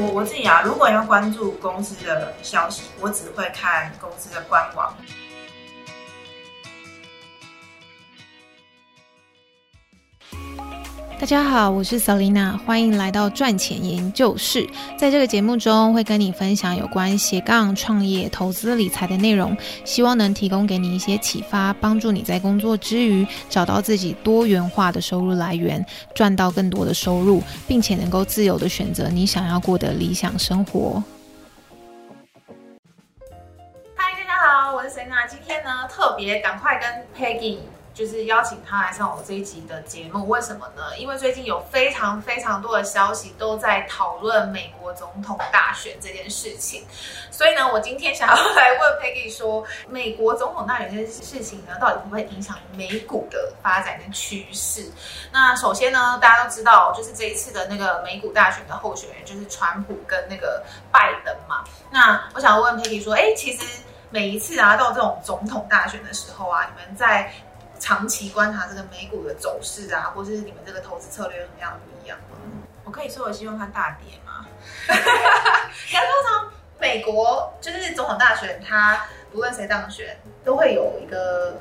我我自己啊，如果要關注公司的消息，我只會看公司的官網。大家好，我是 Selena，歡迎來到賺錢研究室。在這個節目中，會跟你分享有關斜槓創業、投資、理財的內容，希望能提供給你一些啟發，幫助你在工作之餘找到自己多元化的收入來源，賺到更多的收入，並且能夠自由地選擇你想要過的理想生活。嗨，大家好，我是 Selena，今天呢特別趕快跟 Peggy。就是邀請他來上我這一集的節目，為什麼呢？因為最近有非常非常多的消息都在討論美國總統大選這件事情，所以呢，我今天想要來問 Peggy 說，美國總統大選這件事情呢，到底會不會影響美股的發展跟趨勢？那首先呢，大家都知道，就是這一次的那個美股大選的候選人就是川普跟那個拜登嘛。那我想要問 Peggy 說，哎、欸，其實每一次啊到這種總統大選的時候啊，你們在長期觀察這個美股的走勢啊，或者是你們這個投資策略有什麼樣的不一樣、嗯？我可以說我希望它大跌嗎？說從 美國就是總統大選，它不論誰當選，都會有一個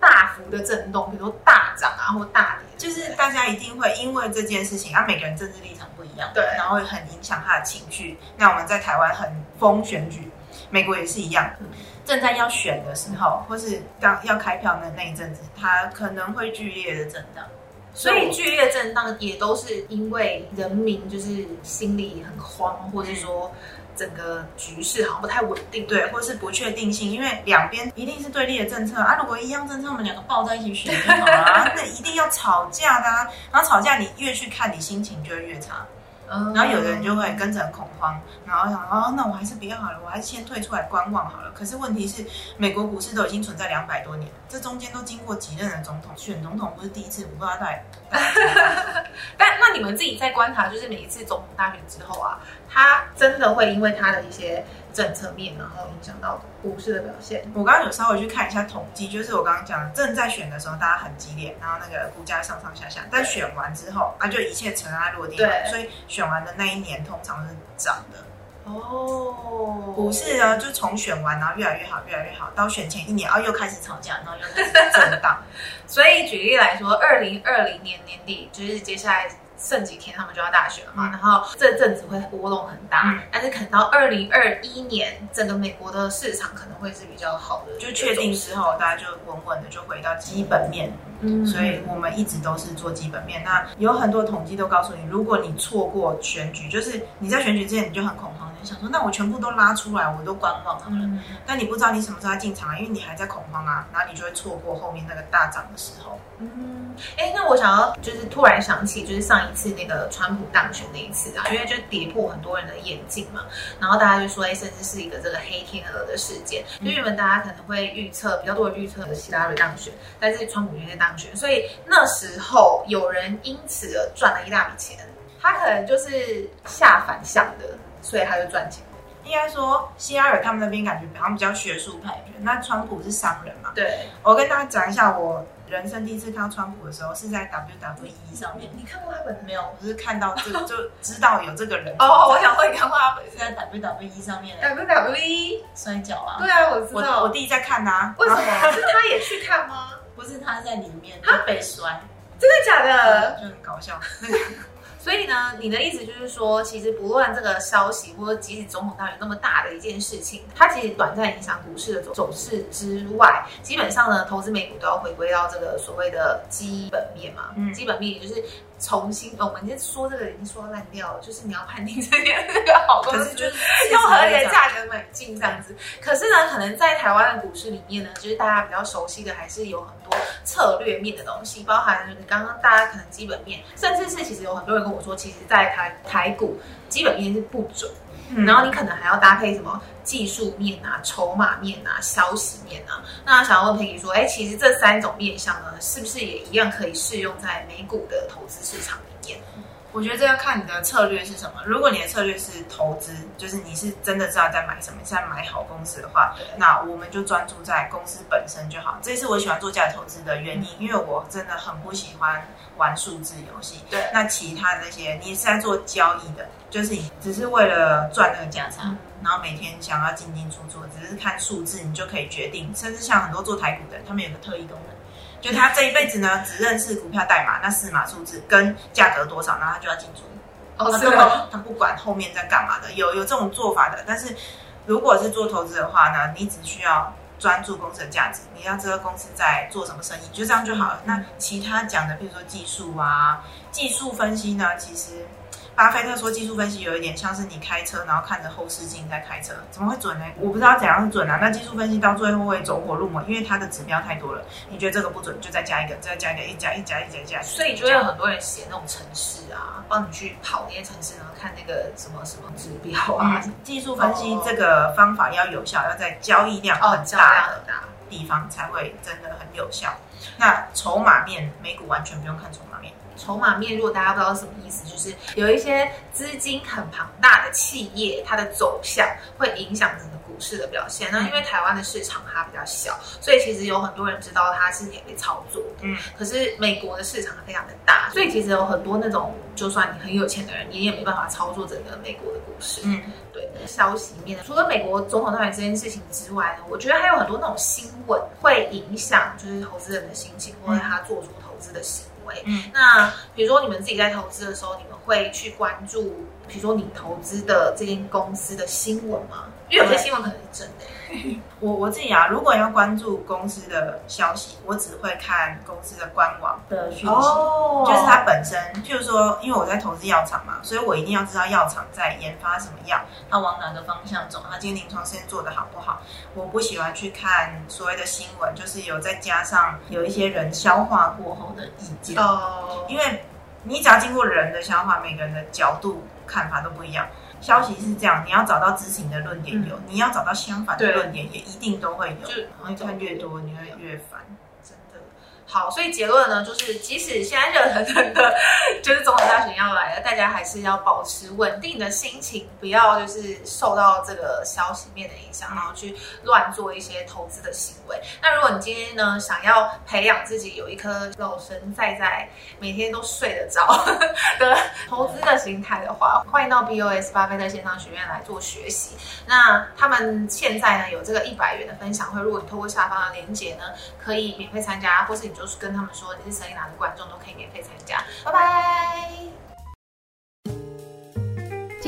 大幅的震動，比如說大漲啊，或大跌，就是大家一定會因為這件事情，啊每個人政治立場不一樣，對，然後會很影響他的情緒。那我們在台灣很瘋選舉。美國也是一樣，正在、嗯、要選的時候，或是剛要開票那那一陣子，它可能會劇烈的震盪。所以劇烈的震盪也都是因為人民就是心裡很慌，或者說整個局勢好像不太穩定、嗯，對，或者是不確定性，因為兩邊一定是對立的政策啊。如果一樣政策，我們兩個抱在一起選就好了、啊， 那一定要吵架的、啊。然後吵架，你越去看，你心情就會越差。然後有的人就會跟着很恐慌，然後想哦，那我還是不要好了，我還是先退出來觀望好了。可是問題是，美國股市都已經存在兩百多年，這中間都經過幾任的總統，選總統不是第一次，我不知道大家。帶帶 但那你們自己在觀察，就是每一次總統大選之後啊，他真的會因為他的一些。政策面，然後影響到股市的表現。我剛剛有稍微去看一下統計，就是我剛剛講正在選的時候，大家很激烈，然後那個股價上上下下。但選完之後啊，就一切塵埃落定了。對所以選完的那一年通常是漲的。哦，oh, 股市呢就從選完然後越來越好，越來越好，到選前一年，然、啊、又開始吵架，然後又開始震盪。 所以舉例來說，二零二零年年底就是接下來。剩幾天他們就要大選了嘛，嗯、然後這陣子會波動很大，嗯、但是可能到二零二一年，整個美國的市場可能會是比較好的，就確定之後大家就穩穩的就回到基本面。嗯，所以我們一直都是做基本面。那有很多統計都告訴你，如果你錯過選舉，就是你在選舉之前你就很恐慌。想說，那我全部都拉出來，我都觀望了。嗯、但你不知道你什麼時候要進場啊，因為你還在恐慌啊，然後你就會錯過後面那個大漲的時候。嗯，哎、欸，那我想要就是突然想起，就是上一次那個川普當選那一次啊，因為就是跌破很多人的眼鏡嘛，然後大家就說，哎、欸，甚至是一個這個黑天鵝的事件，因為原本大家可能會預測比較多人預測的希拉里當選，在這裡川普卻在當選，所以那時候有人因此而賺了一大筆錢，他可能就是下反向的。所以他就賺錢。應該說，希拉蕊他們那邊感覺好像比較學術派。那川普是商人嘛？對。我跟大家講一下，我人生第一次看到川普的時候是在 WWE 上面。你看過他本沒有？我是看到就就知道有這個人。哦，我想會看過他本是在 WWE 上面。WWE 摔跤啊？對啊，我知道。我弟弟在看啊。為什麼？是他也去看嗎？不是，他在裡面他被摔。真的假的？就很搞笑。所以呢，你的意思就是說，其實不論這個消息，或即使總統大選有那麼大的一件事情，它其實短暫影響股市的走勢之外，基本上呢，投資美股都要回歸到這個所謂的基本面嘛。嗯。基本面就是重新，我們已經說這個已經說爛掉了，就是你要判定這邊這個好東西，是就是、就是用合理的價格買進這樣子。可是呢，可能在台灣的股市裡面呢，就是大家比較熟悉的，還是有很多策略面的東西，包含你剛剛大家可能基本面，甚至是其實有很多人跟我。我說，其實，在台台股基本面是不準，然後你可能還要搭配什麼技術面啊、籌碼面啊、消息面啊。那想要問佩儀說，哎，其實這三種面向呢，是不是也一樣可以適用在美股的投資市場裡面？我覺得這要看你的策略是什麼。如果你的策略是投資，就是你是真的知道在買什麼，是在買好公司的話，對那我們就專注在公司本身就好。這是我喜歡做價值投資的原因，嗯、因為我真的很不喜歡玩數字遊戲。對，那其他的那些，你是在做交易的，就是你只是為了賺那個價差，嗯、然後每天想要進進出出，只是看數字你就可以決定。甚至像很多做台股的，他們有個特異功能。就他這一輩子呢，只認識股票代碼那四碼數字、跟價格多少，然後他就要進出。哦、oh,，啊、他不管後面在幹嘛的，有有這種做法的。但是如果是做投資的話呢，你只需要專注公司的價值，你要這個公司在做什麼生意，就這樣就好了。嗯、那其他講的，比如說技術啊、技術分析呢，其實。巴菲特說，技術分析有一點像是你開車，然後看着後視鏡在開車，怎麼會準呢？我不知道怎樣是準啊。那技術分析到最後會走火入魔，因為它的指標太多了。你覺得這個不準，就再加一個，再加一個，一加一加一加一加一，加一加一所以就會有很多人寫那種程式啊，幫你去跑那些程式呢，然後看那個什麼什麼指標啊。嗯、麼技術分析這個方法要有效，哦、要在交易量很大的、哦、地方才會真的很有效。那籌碼面，美股完全不用看籌碼面。籌碼面，如果，大家不知道什麼意思，就是有一些資金很龐大的企業，它的走向會影響整個股市的表現。那、嗯、因為台灣的市場它比較小，所以其實有很多人知道它是可以操作的。嗯，可是美國的市場非常的大，所以其實有很多那種就算你很有錢的人，你也沒辦法操作整個美國的股市。嗯，對。消息面，除了美國總統大選這件事情之外呢，我覺得還有很多那種新聞會影響，就是投資人的心情，或者他做出投資的行。嗯嗯，那比如說你們自己在投資的時候，你們會去關注，比如說你投資的這間公司的新聞嗎？因為有些新聞可能是真的、欸 我。我我自己啊，如果要關注公司的消息，我只會看公司的官網的訊息，oh. 就是它本身。就是說，因為我在投資藥廠嘛，所以我一定要知道藥廠在研發什麼藥，它往哪個方向走，它今天臨床實驗做的好不好。我不喜歡去看所謂的新聞，就是有再加上有一些人消化過後的意見。哦。Oh. 因為你只要經過人的消化，每個人的角度看法都不一樣。消息是這樣，你要找到知情的論點有，嗯、你要找到相反的論點也一定都會有。就容易看越多，你會越煩。好，所以結論呢，就是即使現在熱騰騰的，就是總統大選要來了，大家還是要保持穩定的心情，不要就是受到這個消息面的影響，然後去亂做一些投資的行為。那如果你今天呢，想要培養自己有一顆老神在在，每天都睡得着的投資的心態的話，歡迎到 BOS 巴菲特線上學院來做學習。那他們現在呢，有這個一百元的分享會，如果你透過下方的鏈接呢，可以免費參加，或是你。就是跟他們說，你是 Selena 的觀眾都可以免費參加，拜拜。拜拜